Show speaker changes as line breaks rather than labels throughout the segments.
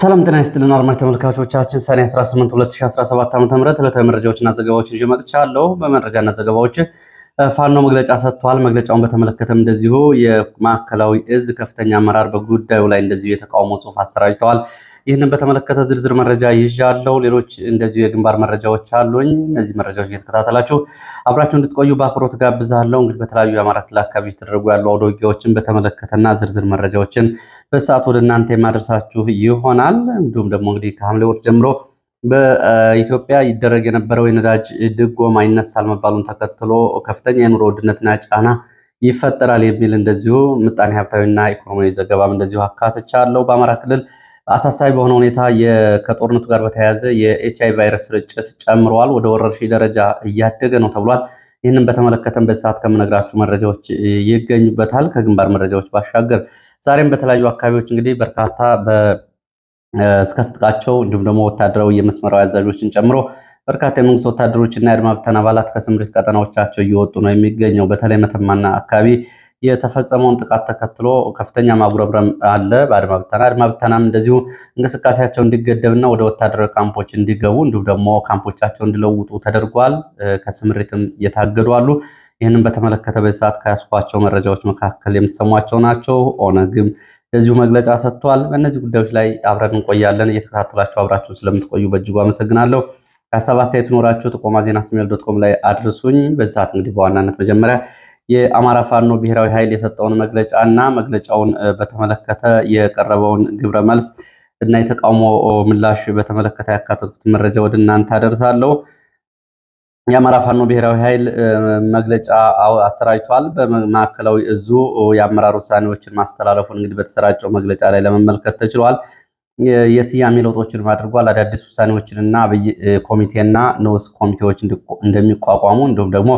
ሰላም ጤና ይስጥልን አድማጭ ተመልካቾቻችን፣ ሰኔ 18 2017 ዓ.ም ዕለታዊ መረጃዎችና ዘገባዎችን ይዤ መጥቻለሁ። በመረጃና ዘገባዎች ፋኖ መግለጫ ሰጥቷል። መግለጫውን በተመለከተም እንደዚሁ የማዕከላዊ እዝ ከፍተኛ አመራር በጉዳዩ ላይ እንደዚሁ የተቃውሞ ጽሑፍ አሰራጅተዋል። ይህንን በተመለከተ ዝርዝር መረጃ ይዣለሁ። ሌሎች እንደዚሁ የግንባር መረጃዎች አሉኝ። እነዚህ መረጃዎች እየተከታተላችሁ አብራችሁ እንድትቆዩ በአክብሮት ጋብዛለሁ። እንግዲህ በተለያዩ የአማራ ክልል አካባቢዎች የተደረጉ ያሉ አውደ ውጊያዎችን በተመለከተና ዝርዝር መረጃዎችን በሰዓት ወደ እናንተ የማደርሳችሁ ይሆናል። እንዲሁም ደግሞ እንግዲህ ከሐምሌ ወር ጀምሮ በኢትዮጵያ ይደረግ የነበረው የነዳጅ ድጎማ ይነሳል መባሉን ተከትሎ ከፍተኛ የኑሮ ውድነትና ጫና ይፈጠራል የሚል እንደዚሁ ምጣኔ ሀብታዊና ኢኮኖሚያዊ ዘገባም እንደዚሁ አካትቻለሁ። በአማራ ክልል አሳሳቢ በሆነ ሁኔታ ከጦርነቱ ጋር በተያያዘ የኤች አይ ቫይረስ ስርጭት ጨምረዋል፣ ወደ ወረርሽኝ ደረጃ እያደገ ነው ተብሏል። ይህንን በተመለከተም በዚህ ሰዓት ከምነግራችሁ መረጃዎች ይገኙበታል። ከግንባር መረጃዎች ባሻገር ዛሬም በተለያዩ አካባቢዎች እንግዲህ በርካታ እስከ ትጥቃቸው እንዲሁም ደግሞ ወታደራዊ የመስመራዊ አዛዦችን ጨምሮ በርካታ የመንግስት ወታደሮችና የአድማ ብተን አባላት ከስምሪት ቀጠናዎቻቸው እየወጡ ነው የሚገኘው። በተለይ መተማና አካባቢ የተፈጸመውን ጥቃት ተከትሎ ከፍተኛ ማጉረምረም አለ በአድማ ብተና። አድማ ብተናም እንደዚሁ እንቅስቃሴያቸው እንዲገደብና ወደ ወታደራዊ ካምፖች እንዲገቡ እንዲሁም ደግሞ ካምፖቻቸው እንዲለውጡ ተደርጓል። ከስምሪትም እየታገዱ አሉ። ይህንም በተመለከተ በዚህ ሰዓት ከያስኳቸው መረጃዎች መካከል የምትሰሟቸው ናቸው። ኦነግም እንደዚሁ መግለጫ ሰጥቷል። በእነዚህ ጉዳዮች ላይ አብረን እንቆያለን። እየተከታተላችሁ አብራችሁን ስለምትቆዩ በእጅጉ አመሰግናለሁ። ከሀሳብ አስተያየት ኖራችሁ ጥቆማ ዜና ጂሜል ዶት ኮም ላይ አድርሱኝ። በዚህ ሰዓት እንግዲህ በዋናነት መጀመሪያ የአማራ ፋኖ ብሔራዊ ኃይል የሰጠውን መግለጫ እና መግለጫውን በተመለከተ የቀረበውን ግብረ መልስ እና የተቃውሞ ምላሽ በተመለከተ ያካተትኩት መረጃ ወደ እናንተ አደርሳለሁ። የአማራ ፋኖ ብሔራዊ ኃይል መግለጫ አሰራጅቷል። በማዕከላዊ እዙ የአመራር ውሳኔዎችን ማስተላለፉን እንግዲህ በተሰራጨው መግለጫ ላይ ለመመልከት ተችሏል። የስያሜ ለውጦችንም አድርጓል። አዳዲስ ውሳኔዎችንና አብይ ኮሚቴና ንዑስ ኮሚቴዎች እንደሚቋቋሙ እንዲሁም ደግሞ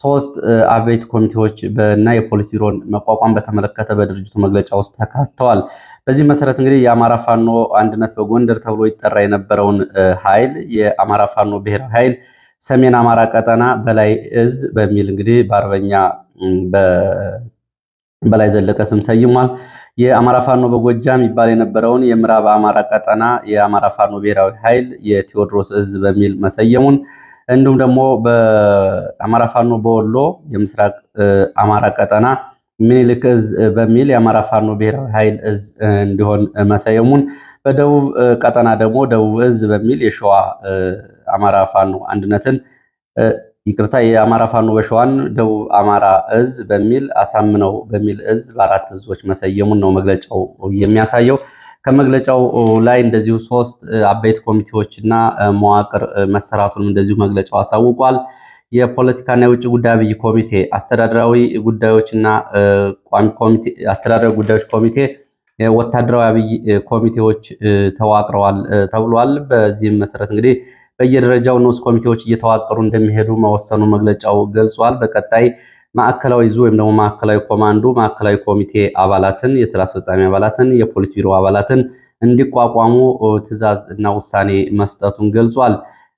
ሶስት አበይት ኮሚቴዎች እና የፖሊት ቢሮን መቋቋም በተመለከተ በድርጅቱ መግለጫ ውስጥ ተካተዋል። በዚህ መሰረት እንግዲህ የአማራ ፋኖ አንድነት በጎንደር ተብሎ ይጠራ የነበረውን ኃይል የአማራ ፋኖ ብሔራዊ ኃይል ሰሜን አማራ ቀጠና በላይ እዝ በሚል እንግዲህ በአርበኛ በላይ ዘለቀ ስም ሰይሟል። የአማራ ፋኖ በጎጃም ይባል የነበረውን የምዕራብ አማራ ቀጠና የአማራ ፋኖ ብሔራዊ ኃይል የቴዎድሮስ እዝ በሚል መሰየሙን እንዲሁም ደግሞ በአማራ ፋኖ በወሎ የምስራቅ አማራ ቀጠና ምኒልክ እዝ በሚል የአማራ ፋኖ ብሔራዊ ኃይል እዝ እንዲሆን መሰየሙን፣ በደቡብ ቀጠና ደግሞ ደቡብ እዝ በሚል የሸዋ አማራ ፋኖ አንድነትን ይቅርታ፣ የአማራ ፋኖ በሸዋን ደቡብ አማራ እዝ በሚል አሳምነው በሚል እዝ በአራት እዞች መሰየሙን ነው መግለጫው የሚያሳየው። ከመግለጫው ላይ እንደዚሁ ሶስት አበይት ኮሚቴዎች እና መዋቅር መሰራቱንም እንደዚሁ መግለጫው አሳውቋል። የፖለቲካና የውጭ ጉዳይ አብይ ኮሚቴ፣ አስተዳደራዊ ጉዳዮችና ቋሚ ኮሚቴ፣ አስተዳደራዊ ጉዳዮች ኮሚቴ፣ ወታደራዊ አብይ ኮሚቴዎች ተዋቅረዋል ተብሏል። በዚህም መሰረት እንግዲህ በየደረጃው ንዑስ ኮሚቴዎች እየተዋቀሩ እንደሚሄዱ መወሰኑ መግለጫው ገልጿል። በቀጣይ ማዕከላዊ ዙ ወይም ደግሞ ማዕከላዊ ኮማንዶ ማዕከላዊ ኮሚቴ አባላትን፣ የስራ አስፈጻሚ አባላትን፣ የፖሊስ ቢሮ አባላትን እንዲቋቋሙ ትዕዛዝ እና ውሳኔ መስጠቱን ገልጿል።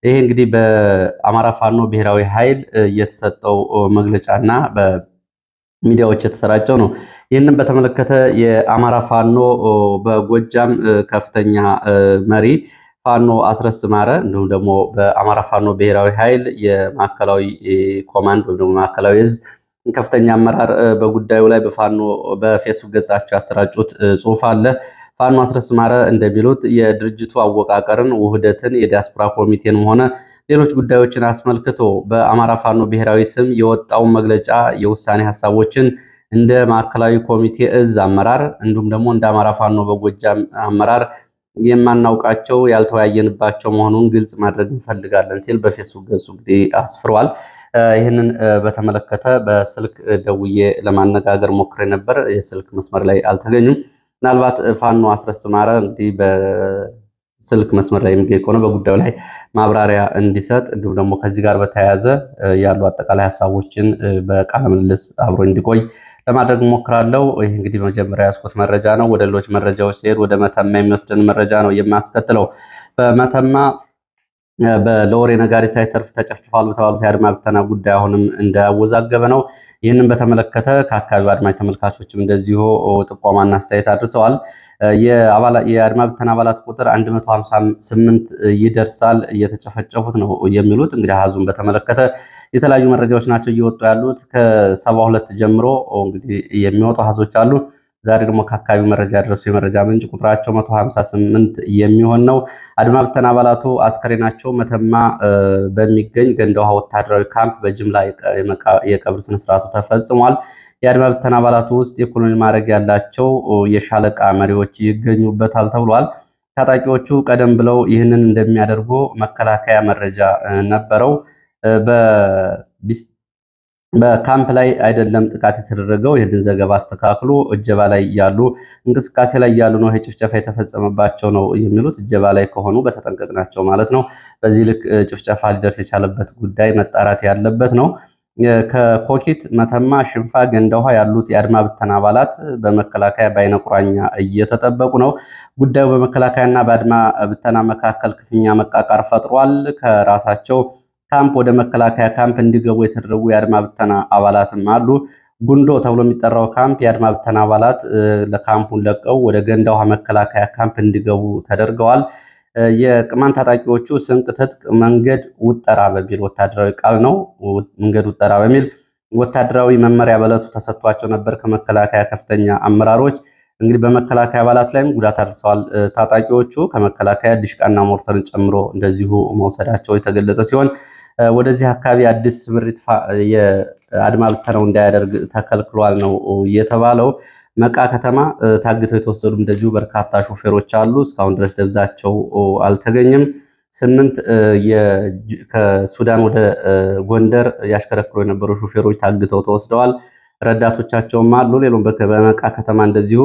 ይሄ እንግዲህ በአማራ ፋኖ ብሔራዊ ኃይል የተሰጠው መግለጫና በሚዲያዎች የተሰራጨው ነው። ይህንን በተመለከተ የአማራ ፋኖ በጎጃም ከፍተኛ መሪ ፋኖ አስረስ ማረ እንዲሁም ደግሞ በአማራ ፋኖ ብሔራዊ ኃይል የማዕከላዊ ኮማንድ ወይም ደግሞ ማዕከላዊ እዝ ከፍተኛ አመራር በጉዳዩ ላይ በፋኖ በፌስቡክ ገጻቸው ያሰራጩት ጽሁፍ አለ። ፋኖ አስረስ ማረ እንደሚሉት የድርጅቱ አወቃቀርን፣ ውህደትን፣ የዲያስፖራ ኮሚቴንም ሆነ ሌሎች ጉዳዮችን አስመልክቶ በአማራ ፋኖ ብሔራዊ ስም የወጣውን መግለጫ የውሳኔ ሀሳቦችን እንደ ማዕከላዊ ኮሚቴ እዝ አመራር እንዲሁም ደግሞ እንደ አማራ ፋኖ በጎጃም አመራር የማናውቃቸው ያልተወያየንባቸው መሆኑን ግልጽ ማድረግ እንፈልጋለን ሲል በፌስቡክ ገጹ እንግዲህ አስፍሯል። ይህንን በተመለከተ በስልክ ደውዬ ለማነጋገር ሞክሬ ነበር። የስልክ መስመር ላይ አልተገኙም። ምናልባት ፋኖ አስረስ ማረ እንግዲህ በስልክ መስመር ላይ የሚገኝ ከሆነ በጉዳዩ ላይ ማብራሪያ እንዲሰጥ እንዲሁም ደግሞ ከዚህ ጋር በተያያዘ ያሉ አጠቃላይ ሀሳቦችን በቃለ ምልልስ አብሮ እንዲቆይ ለማድረግ ሞክራለሁ። ይህ እንግዲህ መጀመሪያ ያስኩት መረጃ ነው። ወደ ሌሎች መረጃዎች ሲሄድ ወደ መተማ የሚወስደን መረጃ ነው የማስከትለው በመተማ በሎሬ ነጋሪ ሳይተርፍ ተጨፍጭፏል በተባሉት የአድማ ብተና ጉዳይ አሁንም እንዳወዛገበ ነው። ይህንን በተመለከተ ከአካባቢው አድማጭ ተመልካቾችም እንደዚሁ ጥቆማና አስተያየት አድርሰዋል። የአድማ ብተና አባላት ቁጥር 158 ይደርሳል እየተጨፈጨፉት ነው የሚሉት እንግዲህ አሃዙን በተመለከተ የተለያዩ መረጃዎች ናቸው እየወጡ ያሉት ከሰባ ሁለት ጀምሮ እንግዲህ የሚወጡ አሃዞች አሉ። ዛሬ ደግሞ ከአካባቢው መረጃ ያደረሱ የመረጃ ምንጭ ቁጥራቸው 158 የሚሆን ነው። አድማ ብተና አባላቱ አስከሬናቸው መተማ በሚገኝ ገንደ ውሃ ወታደራዊ ካምፕ በጅምላ የቀብር ስነስርዓቱ ተፈጽሟል። የአድማ አባላቱ ውስጥ የኮሎኔል ማድረግ ያላቸው የሻለቃ መሪዎች ይገኙበታል ተብሏል። ታጣቂዎቹ ቀደም ብለው ይህንን እንደሚያደርጉ መከላከያ መረጃ ነበረው። በካምፕ ላይ አይደለም ጥቃት የተደረገው። ይህንን ዘገባ አስተካክሉ። እጀባ ላይ ያሉ እንቅስቃሴ ላይ ያሉ ነው፣ ጭፍጨፋ የተፈጸመባቸው ነው የሚሉት እጀባ ላይ ከሆኑ በተጠንቀቅ ናቸው ማለት ነው። በዚህ ልክ ጭፍጨፋ ሊደርስ የቻለበት ጉዳይ መጣራት ያለበት ነው። ከኮኪት መተማ፣ ሽንፋ፣ ገንደ ውሃ ያሉት የአድማ ብተና አባላት በመከላከያ በአይነ ቁራኛ እየተጠበቁ ነው። ጉዳዩ በመከላከያና በአድማ ብተና መካከል ክፍኛ መቃቃር ፈጥሯል። ከራሳቸው ካምፕ ወደ መከላከያ ካምፕ እንዲገቡ የተደረጉ የአድማ ብተና አባላትም አሉ። ጉንዶ ተብሎ የሚጠራው ካምፕ የአድማ ብተና አባላት ለካምፑን ለቀው ወደ ገንዳ ውሃ መከላከያ ካምፕ እንዲገቡ ተደርገዋል። የቅማንት ታጣቂዎቹ ስንቅ፣ ትጥቅ፣ መንገድ ውጠራ በሚል ወታደራዊ ቃል ነው። መንገድ ውጠራ በሚል ወታደራዊ መመሪያ በለቱ ተሰጥቷቸው ነበር ከመከላከያ ከፍተኛ አመራሮች። እንግዲህ በመከላከያ አባላት ላይም ጉዳት አድርሰዋል። ታጣቂዎቹ ከመከላከያ ዲሽቃና ሞርተርን ጨምሮ እንደዚሁ መውሰዳቸው የተገለጸ ሲሆን ወደዚህ አካባቢ አዲስ ምሪት የአድማ ብተነው እንዳያደርግ ተከልክሏል ነው የተባለው። መቃ ከተማ ታግተው የተወሰዱ እንደዚሁ በርካታ ሾፌሮች አሉ። እስካሁን ድረስ ደብዛቸው አልተገኘም። ስምንት ከሱዳን ወደ ጎንደር ያሽከረክሩ የነበሩ ሾፌሮች ታግተው ተወስደዋል። ረዳቶቻቸውም አሉ። ሌሎም በመቃ ከተማ እንደዚሁ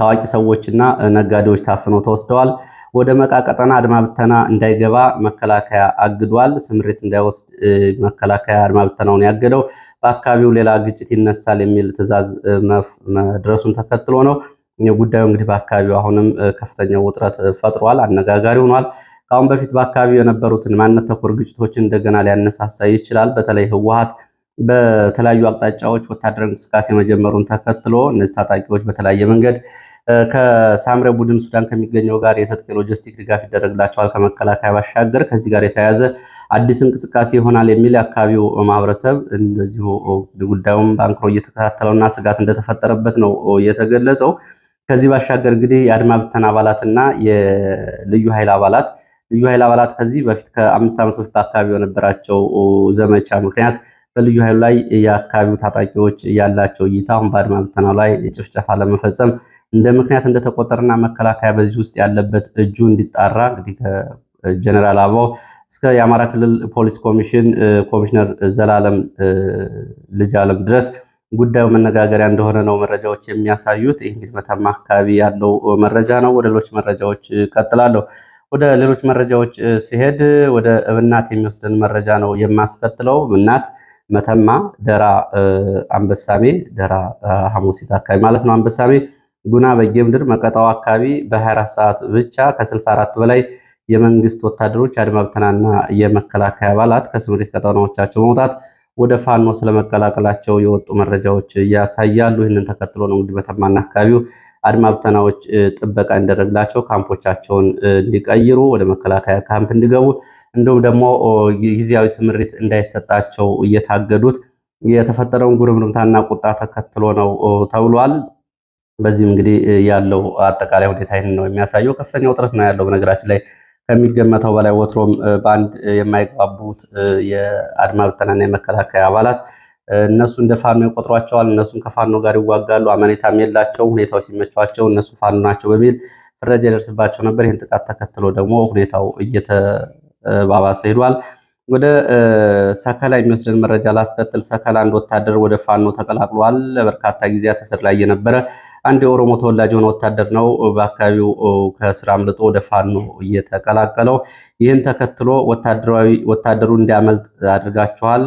ታዋቂ ሰዎችና ነጋዴዎች ታፍነው ተወስደዋል። ወደ መቃ ቀጠና እንዳይገባ መከላከያ አግዷል። ስምሪት እንዳይወስድ መከላከያ አድማብተናውን ያገደው በአካባቢው ሌላ ግጭት ይነሳል የሚል ትዕዛዝ መድረሱን ተከትሎ ነው። ጉዳዩ እንግዲህ በአካባቢው አሁንም ከፍተኛው ውጥረት ፈጥሯል፣ አነጋጋሪ ሆኗል። ከአሁን በፊት በአካባቢው የነበሩትን ማንነት ተኮር ግጭቶችን እንደገና ሊያነሳሳ ይችላል። በተለይ ህወሓት በተለያዩ አቅጣጫዎች ወታደራዊ እንቅስቃሴ መጀመሩን ተከትሎ እነዚህ ታጣቂዎች በተለያየ መንገድ ከሳምረ ቡድን ሱዳን ከሚገኘው ጋር የትጥቅ ሎጂስቲክ ድጋፍ ይደረግላቸዋል። ከመከላከያ ባሻገር ከዚህ ጋር የተያያዘ አዲስ እንቅስቃሴ ይሆናል የሚል የአካባቢው ማህበረሰብ እንደዚሁ ጉዳዩም በአንክሮ እየተከታተለውና ስጋት እንደተፈጠረበት ነው የተገለጸው። ከዚህ ባሻገር እንግዲህ የአድማ ብተን አባላትና የልዩ ኃይል አባላት ልዩ ኃይል አባላት ከዚህ በፊት ከአምስት ዓመት በፊት በአካባቢው የነበራቸው ዘመቻ ምክንያት በልዩ ኃይሉ ላይ የአካባቢው ታጣቂዎች ያላቸው እይታ አሁን በአድማ ብተናው ላይ ጭፍጨፋ ለመፈጸም እንደ ምክንያት እንደተቆጠረና መከላከያ በዚህ ውስጥ ያለበት እጁ እንዲጣራ እንግዲህ ከጀነራል አበባው እስከ የአማራ ክልል ፖሊስ ኮሚሽን ኮሚሽነር ዘላለም ልጅ አለም ድረስ ጉዳዩ መነጋገሪያ እንደሆነ ነው መረጃዎች የሚያሳዩት። ይህ እንግዲህ መተማ አካባቢ ያለው መረጃ ነው። ወደ ሌሎች መረጃዎች ቀጥላለሁ። ወደ ሌሎች መረጃዎች ሲሄድ ወደ እብናት የሚወስድን መረጃ ነው የማስቀጥለው። እብናት መተማ፣ ደራ አንበሳሜ፣ ደራ ሐሙሲት አካባቢ ማለት ነው አንበሳሜ ጉና በጌምድር መቀጣው አካባቢ በ24 ሰዓት ብቻ ከ64 በላይ የመንግስት ወታደሮች አድማብተናና ብተናና የመከላከያ አባላት ከስምሪት ቀጠናዎቻቸው መውጣት ወደ ፋኖ ስለመቀላቀላቸው የወጡ መረጃዎች ያሳያሉ። ይህንን ተከትሎ ነው እንግዲህ በተማና አካባቢው አድማ ብተናዎች ጥበቃ እንዲደረግላቸው ካምፖቻቸውን እንዲቀይሩ ወደ መከላከያ ካምፕ እንዲገቡ እንዲሁም ደግሞ ጊዜያዊ ስምሪት እንዳይሰጣቸው እየታገዱት የተፈጠረውን ጉርምርምታና ቁጣ ተከትሎ ነው ተብሏል። በዚህም እንግዲህ ያለው አጠቃላይ ሁኔታ ይህን ነው የሚያሳየው። ከፍተኛ ውጥረት ነው ያለው። በነገራችን ላይ ከሚገመተው በላይ ወትሮም በአንድ የማይግባቡት የአድማ ብተናና የመከላከያ አባላት እነሱ እንደ ፋኖ ይቆጥሯቸዋል። እነሱም ከፋኖ ጋር ይዋጋሉ። አመኔታም የላቸውም። ሁኔታው ሲመቸዋቸው እነሱ ፋኖ ናቸው በሚል ፍረጃ ይደርስባቸው ነበር። ይህን ጥቃት ተከትሎ ደግሞ ሁኔታው እየተባባሰ ሄዷል። ወደ ሰከላ የሚወስደን መረጃ ላስከትል። ሰከላ አንድ ወታደር ወደ ፋኖ ተቀላቅሏል። በርካታ ጊዜያት እስር ላይ የነበረ አንድ የኦሮሞ ተወላጅ የሆነ ወታደር ነው በአካባቢው ከስራ አምልጦ ወደ ፋኖ እየተቀላቀለው። ይህን ተከትሎ ወታደሩ እንዲያመልጥ አድርጋችኋል፣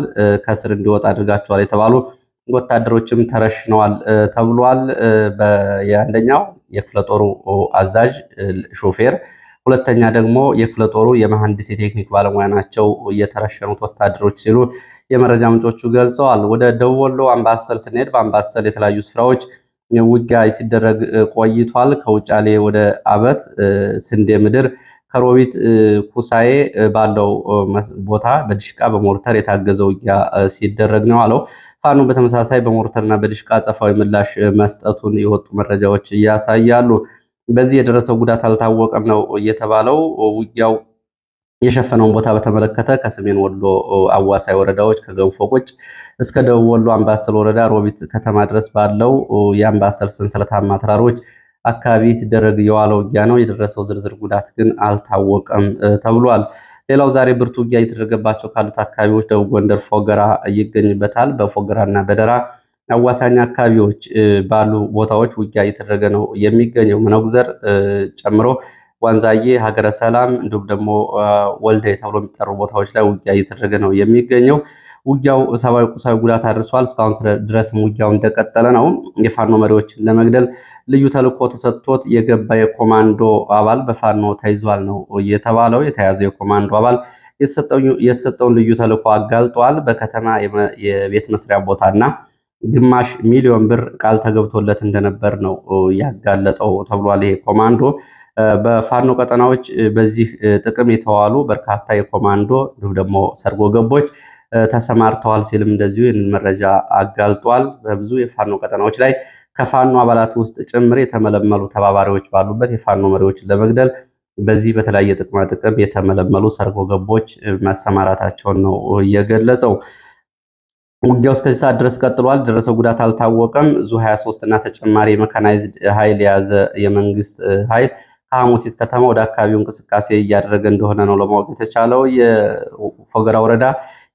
ከስር እንዲወጣ አድርጋችኋል የተባሉ ወታደሮችም ተረሽነዋል ተብሏል። የአንደኛው የክፍለ ጦሩ አዛዥ ሾፌር፣ ሁለተኛ ደግሞ የክፍለ ጦሩ የመሐንዲስ የቴክኒክ ባለሙያ ናቸው የተረሸኑት ወታደሮች ሲሉ የመረጃ ምንጮቹ ገልጸዋል። ወደ ደቡብ ወሎ አምባሰል ስንሄድ በአምባሰል የተለያዩ ስፍራዎች ውጊያ ሲደረግ ቆይቷል። ከውጫሌ ወደ አበት ስንዴ ምድር ከሮቢት ኩሳዬ ባለው ቦታ በድሽቃ በሞርተር የታገዘ ውጊያ ሲደረግ ነው አለው። ፋኖ በተመሳሳይ በሞርተርና በድሽቃ ጸፋዊ ምላሽ መስጠቱን የወጡ መረጃዎች እያሳያሉ። በዚህ የደረሰው ጉዳት አልታወቀም ነው የተባለው ውጊያው የሸፈነውን ቦታ በተመለከተ ከሰሜን ወሎ አዋሳይ ወረዳዎች ከገንፎ ፎቆች እስከ ደቡብ ወሎ አምባሰል ወረዳ ሮቢት ከተማ ድረስ ባለው የአምባሰል ሰንሰለታማ ተራሮች አካባቢ ሲደረግ የዋለው ውጊያ ነው። የደረሰው ዝርዝር ጉዳት ግን አልታወቀም ተብሏል። ሌላው ዛሬ ብርቱ ውጊያ እየተደረገባቸው ካሉት አካባቢዎች ደቡብ ጎንደር ፎገራ ይገኝበታል። እና በደራ አዋሳኝ አካባቢዎች ባሉ ቦታዎች ውጊያ እየተደረገ ነው የሚገኘው መነጉዘር ጨምሮ ዋንዛዬ፣ ሀገረ ሰላም እንዲሁም ደግሞ ወልደ ተብሎ የሚጠሩ ቦታዎች ላይ ውጊያ እየተደረገ ነው የሚገኘው። ውጊያው ሰብአዊ፣ ቁሳዊ ጉዳት አድርሷል። እስካሁን ድረስም ውጊያው እንደቀጠለ ነው። የፋኖ መሪዎችን ለመግደል ልዩ ተልዕኮ ተሰጥቶት የገባ የኮማንዶ አባል በፋኖ ተይዟል ነው የተባለው። የተያዘው የኮማንዶ አባል የተሰጠውን ልዩ ተልዕኮ አጋልጧል። በከተማ የቤት መስሪያ እና ግማሽ ሚሊዮን ብር ቃል ተገብቶለት እንደነበር ነው ያጋለጠው ተብሏል። ይሄ ኮማንዶ በፋኖ ቀጠናዎች በዚህ ጥቅም የተዋሉ በርካታ የኮማንዶ እንዲሁም ደግሞ ሰርጎ ገቦች ተሰማርተዋል ሲልም እንደዚሁ ይህንን መረጃ አጋልጧል። በብዙ የፋኖ ቀጠናዎች ላይ ከፋኖ አባላት ውስጥ ጭምር የተመለመሉ ተባባሪዎች ባሉበት የፋኖ መሪዎችን ለመግደል በዚህ በተለያየ ጥቅማ ጥቅም የተመለመሉ ሰርጎ ገቦች መሰማራታቸውን ነው የገለጸው። ውጊያው እስከዚህ ሰዓት ድረስ ቀጥሏል። ደረሰው ጉዳት አልታወቀም። ዙ 23 እና ተጨማሪ የመካናይዝድ ኃይል የያዘ የመንግስት ኃይል ሐሙሲት ከተማ ወደ አካባቢው እንቅስቃሴ እያደረገ እንደሆነ ነው ለማወቅ የተቻለው። የፎገራ ወረዳ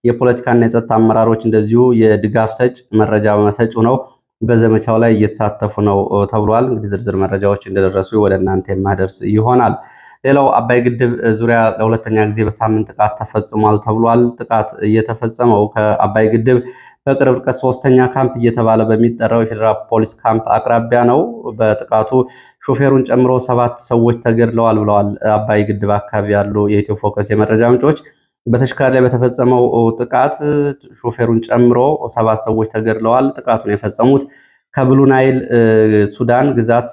የፖለቲካና የጸጥታ አመራሮች እንደዚሁ የድጋፍ ሰጭ መረጃ መሰጭ ሆነው በዘመቻው ላይ እየተሳተፉ ነው ተብሏል። እንግዲህ ዝርዝር መረጃዎች እንደደረሱ ወደ እናንተ የማደርስ ይሆናል። ሌላው አባይ ግድብ ዙሪያ ለሁለተኛ ጊዜ በሳምንት ጥቃት ተፈጽሟል ተብሏል። ጥቃት እየተፈጸመው ከአባይ ግድብ በቅርብ ርቀት ሶስተኛ ካምፕ እየተባለ በሚጠራው የፌዴራል ፖሊስ ካምፕ አቅራቢያ ነው። በጥቃቱ ሾፌሩን ጨምሮ ሰባት ሰዎች ተገድለዋል ብለዋል አባይ ግድብ አካባቢ ያሉ የኢትዮ ፎከስ የመረጃ ምንጮች። በተሽከርካሪ ላይ በተፈጸመው ጥቃት ሾፌሩን ጨምሮ ሰባት ሰዎች ተገድለዋል። ጥቃቱን የፈጸሙት ከብሉናይል ሱዳን ግዛት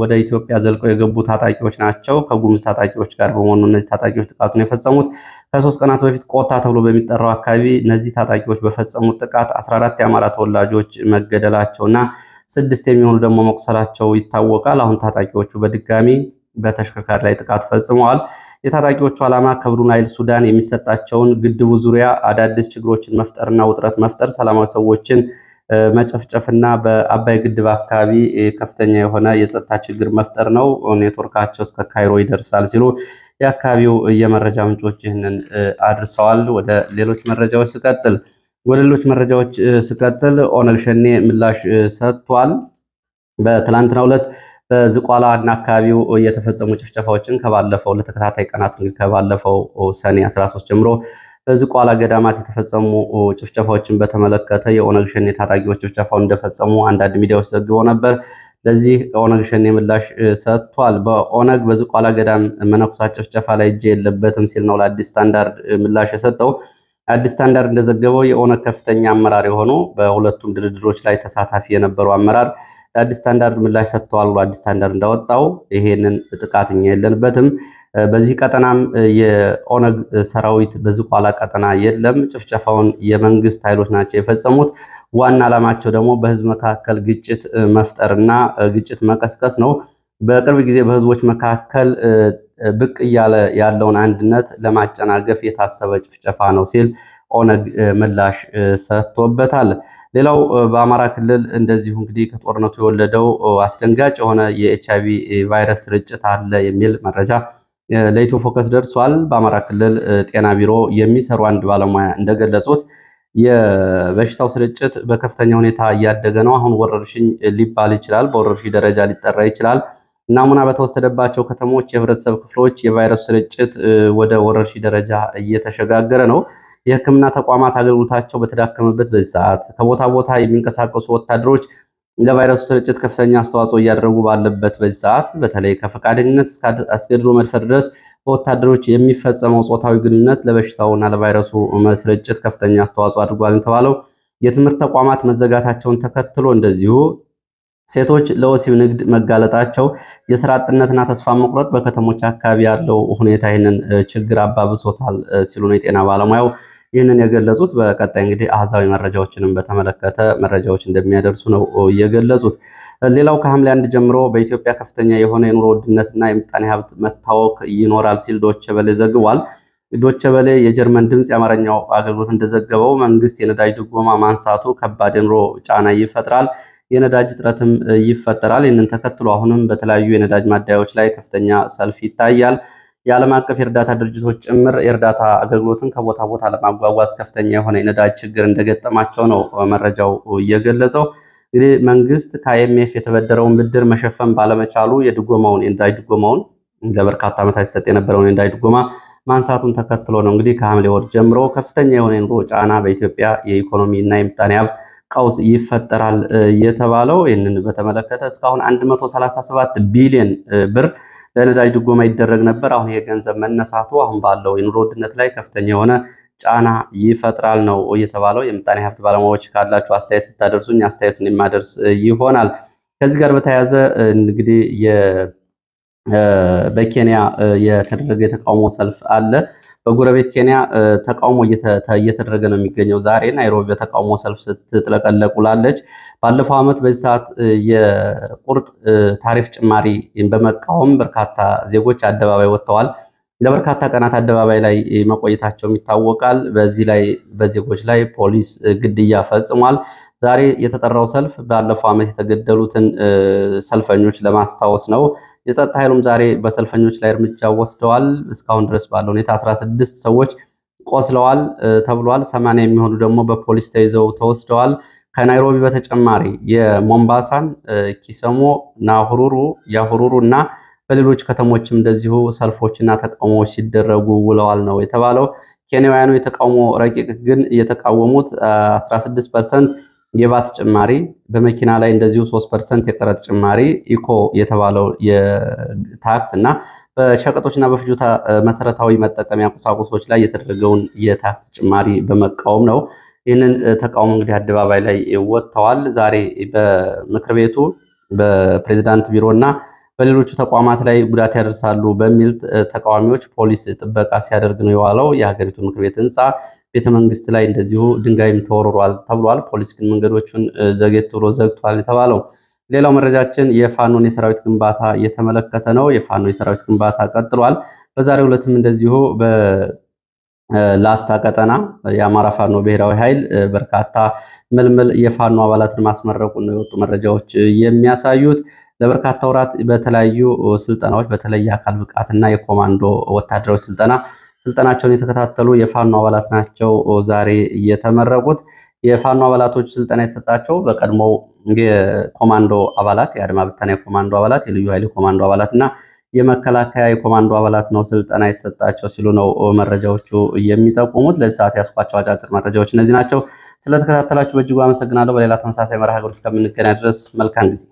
ወደ ኢትዮጵያ ዘልቀው የገቡ ታጣቂዎች ናቸው ከጉምዝ ታጣቂዎች ጋር በመሆኑ እነዚህ ታጣቂዎች ጥቃቱን የፈጸሙት። ከሶስት ቀናት በፊት ቆታ ተብሎ በሚጠራው አካባቢ እነዚህ ታጣቂዎች በፈጸሙት ጥቃት 14 የአማራ ተወላጆች እና ስድስት የሚሆኑ ደግሞ መቁሰላቸው ይታወቃል። አሁን ታጣቂዎቹ በድጋሚ በተሽከርካሪ ላይ ጥቃት ፈጽመዋል። የታጣቂዎቹ ዓላማ ከብሉ ናይል ሱዳን የሚሰጣቸውን ግድቡ ዙሪያ አዳዲስ ችግሮችን መፍጠርና ውጥረት መፍጠር ሰላማዊ ሰዎችን መጨፍጨፍና በአባይ ግድብ አካባቢ ከፍተኛ የሆነ የጸጥታ ችግር መፍጠር ነው። ኔትወርካቸው እስከ ካይሮ ይደርሳል ሲሉ የአካባቢው የመረጃ ምንጮች ይህንን አድርሰዋል። ወደ ሌሎች መረጃዎች ስቀጥል ወደ ሌሎች መረጃዎች ስቀጥል ኦነግ ሸኔ ምላሽ ሰጥቷል። በትላንትናው ዕለት በዝቋላ እና አካባቢው የተፈጸሙ ጭፍጨፋዎችን ከባለፈው ለተከታታይ ቀናት ከባለፈው ሰኔ 13 ጀምሮ በዝቋላ ገዳማት የተፈጸሙ ጭፍጨፋዎችን በተመለከተ የኦነግ ሸኔ ታጣቂዎች ጭፍጨፋው እንደፈጸሙ አንዳንድ ሚዲያዎች ዘግቦ ነበር። ለዚህ ኦነግ ሸኔ ምላሽ ሰጥቷል። በኦነግ በዝቋላ ገዳም መነኩሳት ጭፍጨፋ ላይ እጅ የለበትም ሲል ነው ለአዲስ ስታንዳርድ ምላሽ የሰጠው። አዲስ ስታንዳርድ እንደዘገበው የኦነግ ከፍተኛ አመራር የሆኑ በሁለቱም ድርድሮች ላይ ተሳታፊ የነበሩ አመራር አዲስ ስታንዳርድ ምላሽ ሰጥተዋል ብሎ አዲስ ስታንዳርድ እንዳወጣው ይሄንን ጥቃት እኛ የለንበትም። በዚህ ቀጠናም የኦነግ ሰራዊት በዝቋላ ቀጠና የለም። ጭፍጨፋውን የመንግስት ኃይሎች ናቸው የፈጸሙት። ዋና ዓላማቸው ደግሞ በህዝብ መካከል ግጭት መፍጠርና ግጭት መቀስቀስ ነው። በቅርብ ጊዜ በህዝቦች መካከል ብቅ እያለ ያለውን አንድነት ለማጨናገፍ የታሰበ ጭፍጨፋ ነው ሲል ኦነግ ምላሽ ሰጥቶበታል። ሌላው በአማራ ክልል እንደዚሁ እንግዲህ ከጦርነቱ የወለደው አስደንጋጭ የሆነ የኤች አይቪ ቫይረስ ስርጭት አለ የሚል መረጃ ለኢትዮ ፎከስ ደርሷል። በአማራ ክልል ጤና ቢሮ የሚሰሩ አንድ ባለሙያ እንደገለጹት የበሽታው ስርጭት በከፍተኛ ሁኔታ እያደገ ነው። አሁን ወረርሽኝ ሊባል ይችላል፣ በወረርሽኝ ደረጃ ሊጠራ ይችላል። ናሙና በተወሰደባቸው ከተሞች፣ የህብረተሰብ ክፍሎች የቫይረሱ ስርጭት ወደ ወረርሽኝ ደረጃ እየተሸጋገረ ነው። የህክምና ተቋማት አገልግሎታቸው በተዳከመበት በዚህ ሰዓት ከቦታ ቦታ የሚንቀሳቀሱ ወታደሮች ለቫይረሱ ስርጭት ከፍተኛ አስተዋጽኦ እያደረጉ ባለበት በዚህ ሰዓት በተለይ ከፈቃደኝነት እስከ አስገድዶ መድፈር ድረስ በወታደሮች የሚፈጸመው ጾታዊ ግንኙነት ለበሽታውና ለቫይረሱ ስርጭት ከፍተኛ አስተዋጽኦ አድርጓል የተባለው የትምህርት ተቋማት መዘጋታቸውን ተከትሎ እንደዚሁ ሴቶች ለወሲብ ንግድ መጋለጣቸው፣ የስራ አጥነትና ተስፋ መቁረጥ በከተሞች አካባቢ ያለው ሁኔታ ይህንን ችግር አባብሶታል ሲሉ ነው የጤና ባለሙያው ይህንን የገለጹት በቀጣይ እንግዲህ አሃዛዊ መረጃዎችንም በተመለከተ መረጃዎች እንደሚያደርሱ ነው የገለጹት። ሌላው ከሐምሌ አንድ ጀምሮ በኢትዮጵያ ከፍተኛ የሆነ የኑሮ ውድነትና የምጣኔ ሀብት መታወክ ይኖራል ሲል ዶቼ ቬለ ዘግቧል። ዶቼ ቬለ የጀርመን ድምፅ የአማርኛው አገልግሎት እንደዘገበው መንግስት የነዳጅ ድጎማ ማንሳቱ ከባድ የኑሮ ጫና ይፈጥራል፣ የነዳጅ እጥረትም ይፈጠራል። ይህንን ተከትሎ አሁንም በተለያዩ የነዳጅ ማደያዎች ላይ ከፍተኛ ሰልፍ ይታያል። የዓለም አቀፍ የእርዳታ ድርጅቶች ጭምር የእርዳታ አገልግሎትን ከቦታ ቦታ ለማጓጓዝ ከፍተኛ የሆነ የነዳጅ ችግር እንደገጠማቸው ነው መረጃው እየገለጸው። እንግዲህ መንግስት ከአይኤምኤፍ የተበደረውን ብድር መሸፈን ባለመቻሉ የድጎማውን የነዳጅ ድጎማውን ለበርካታ ዓመታት ሲሰጥ የነበረውን የነዳጅ ድጎማ ማንሳቱን ተከትሎ ነው እንግዲህ ከሐምሌ ወር ጀምሮ ከፍተኛ የሆነ የኑሮ ጫና በኢትዮጵያ የኢኮኖሚ እና የምጣኔ ሀብት ቀውስ ይፈጠራል የተባለው። ይህንን በተመለከተ እስካሁን 137 ቢሊዮን ብር ለነዳጅ ድጎማ ይደረግ ነበር። አሁን የገንዘብ መነሳቱ አሁን ባለው የኑሮ ውድነት ላይ ከፍተኛ የሆነ ጫና ይፈጥራል ነው እየተባለው። የምጣኔ ሀብት ባለሙያዎች ካላችሁ አስተያየት ብታደርሱኝ አስተያየቱን የማደርስ ይሆናል። ከዚህ ጋር በተያያዘ እንግዲህ በኬንያ የተደረገ የተቃውሞ ሰልፍ አለ። በጎረቤት ኬንያ ተቃውሞ እየተደረገ ነው የሚገኘው። ዛሬ ናይሮቢ በተቃውሞ ሰልፍ ስትጥለቀለቅ ውላለች። ባለፈው ዓመት በዚህ ሰዓት የቁርጥ ታሪፍ ጭማሪ በመቃወም በርካታ ዜጎች አደባባይ ወጥተዋል። ለበርካታ ቀናት አደባባይ ላይ መቆየታቸውም ይታወቃል። በዚህ ላይ በዜጎች ላይ ፖሊስ ግድያ ፈጽሟል። ዛሬ የተጠራው ሰልፍ ባለፈው ዓመት የተገደሉትን ሰልፈኞች ለማስታወስ ነው። የጸጥታ ኃይሉም ዛሬ በሰልፈኞች ላይ እርምጃ ወስደዋል። እስካሁን ድረስ ባለው ሁኔታ 16 ሰዎች ቆስለዋል ተብሏል። 80 የሚሆኑ ደግሞ በፖሊስ ተይዘው ተወስደዋል። ከናይሮቢ በተጨማሪ የሞምባሳን፣ ኪሰሞ፣ ናሁሩሩ፣ ያሁሩሩ እና በሌሎች ከተሞችም እንደዚሁ ሰልፎችና ተቃውሞዎች ሲደረጉ ውለዋል ነው የተባለው። ኬንያውያኑ የተቃውሞ ረቂቅ ግን እየተቃወሙት 16 ፐርሰንት የቫት ጭማሪ በመኪና ላይ እንደዚሁ 3 ፐርሰንት የቀረጥ ጭማሪ ኢኮ የተባለው የታክስ እና በሸቀጦችና በፍጆታ መሰረታዊ መጠቀሚያ ቁሳቁሶች ላይ የተደረገውን የታክስ ጭማሪ በመቃወም ነው። ይህንን ተቃውሞ እንግዲህ አደባባይ ላይ ወጥተዋል። ዛሬ በምክር ቤቱ በፕሬዚዳንት እና በሌሎቹ ተቋማት ላይ ጉዳት ያደርሳሉ በሚል ተቃዋሚዎች ፖሊስ ጥበቃ ሲያደርግ ነው የዋለው። የሀገሪቱ ምክር ቤት ህንፃ ቤተ መንግስት ላይ እንደዚሁ ድንጋይም ተወርሯል ተብሏል። ፖሊስ ግን መንገዶቹን ዘጌት ብሎ ዘግቷል የተባለው። ሌላው መረጃችን የፋኖን የሰራዊት ግንባታ እየተመለከተ ነው። የፋኖ የሰራዊት ግንባታ ቀጥሏል። በዛሬው ዕለትም እንደዚሁ በላስታ ቀጠና የአማራ ፋኖ ብሔራዊ ኃይል በርካታ ምልምል የፋኖ አባላትን ማስመረቁን የወጡ መረጃዎች የሚያሳዩት ለበርካታ ወራት በተለያዩ ስልጠናዎች በተለይ የአካል ብቃትና የኮማንዶ ወታደራዊ ስልጠና ስልጠናቸውን የተከታተሉ የፋኖ አባላት ናቸው ዛሬ የተመረቁት። የፋኖ አባላቶች ስልጠና የተሰጣቸው በቀድሞው የኮማንዶ አባላት የአድማ ብተና የኮማንዶ አባላት የልዩ ኃይል የኮማንዶ አባላት እና የመከላከያ የኮማንዶ አባላት ነው ስልጠና የተሰጣቸው ሲሉ ነው መረጃዎቹ የሚጠቁሙት። ለዚህ ሰዓት ያስኳቸው አጫጭር መረጃዎች እነዚህ ናቸው። ስለተከታተላችሁ በእጅጉ አመሰግናለሁ። በሌላ ተመሳሳይ መርሃ ግብር እስከምንገናኝ ድረስ መልካም ጊዜ